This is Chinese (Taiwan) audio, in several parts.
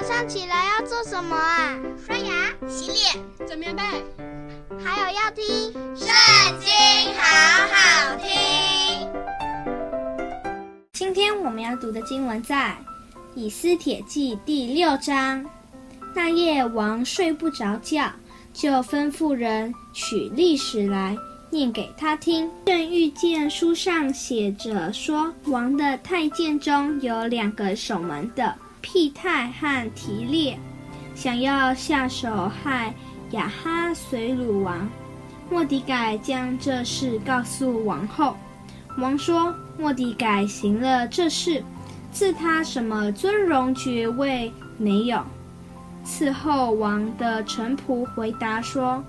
早上起來要做什麼啊？刷牙、洗臉、整棉被，還有要聽《聖經》，好好聽。今天我們要讀的經文在《以斯帖記》第六章。那夜王睡不着覺，就吩咐人取歷史來念給他聽。正遇見書上寫着說，王的太監中有兩個守門的。辟探和提列想要下手害亞哈隨魯王，末底改將這事告訴王後。王說：“末底改行了這事，賜他什麼尊榮爵位沒有？”伺候王的臣僕回答說：“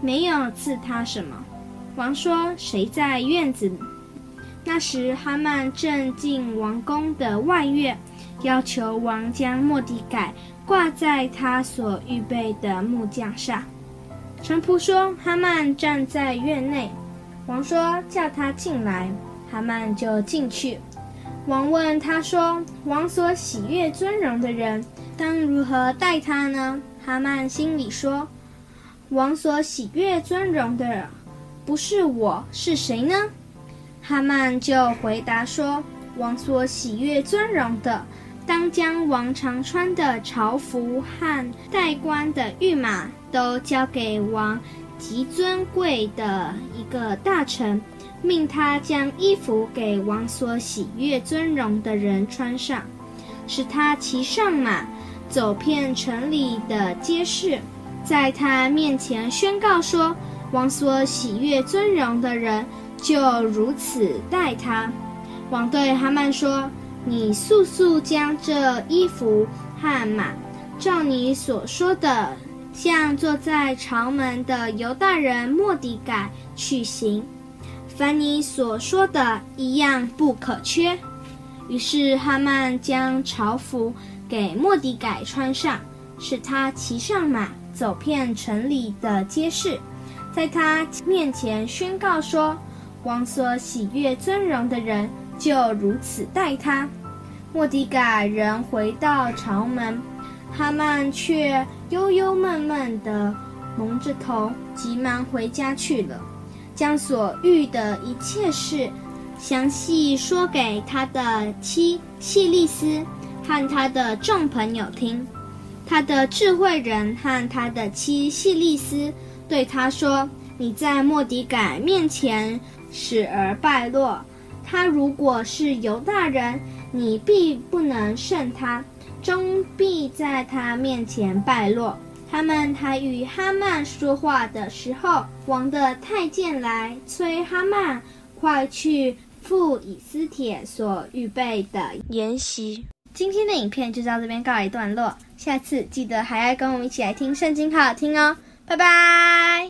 沒有賜他什麼。”王說：“誰在院子裡？”那時哈曼正進王宮的外院。要求王將末底改掛在他所預備的木架上。臣僕說：“哈曼站在院內。”王說：“叫他進來。”哈曼就進去。王問他說：“王所喜悅尊榮的人，當如何待他呢？”哈曼心裡說：“王所喜悅尊榮的人，不是我是誰呢？”哈曼就回答說：“王所喜悅尊榮的。”當將王常穿的朝服和戴冠的御馬，都交給王極尊貴的一個大臣，命他將衣服給王所喜悅尊榮的人穿上，使他騎上馬，走遍城裡的街市，在他面前宣告說：王所喜悅尊榮的人，就如此待他。王對哈曼說。你速速將這衣服和馬，照你所說的，向坐在朝門的猶大人末底改去行，凡你所說的，一樣不可缺。於是哈曼將朝服給末底改穿上，使他騎上馬，走遍城裡的街市，在他面前宣告說：王所喜悅尊榮的人。就如此待他。末底改仍回到朝門，哈曼卻憂憂悶悶的，蒙着頭，急忙回家去了，將所遇的一切事詳細說給他的妻細利斯和他的眾朋友聽。他的智慧人和他的妻細利斯對他說：“你在末底改面前始而敗落。”他如果是猶大人，你必不能勝他，終必在他面前敗落。他們還與哈曼說話的時候，王的太監來催哈曼，快去赴以斯帖所預備的筵席。今天的影片就到這邊告一段落，下次記得還要跟我們一起來聽聖經，好好聽哦，拜拜。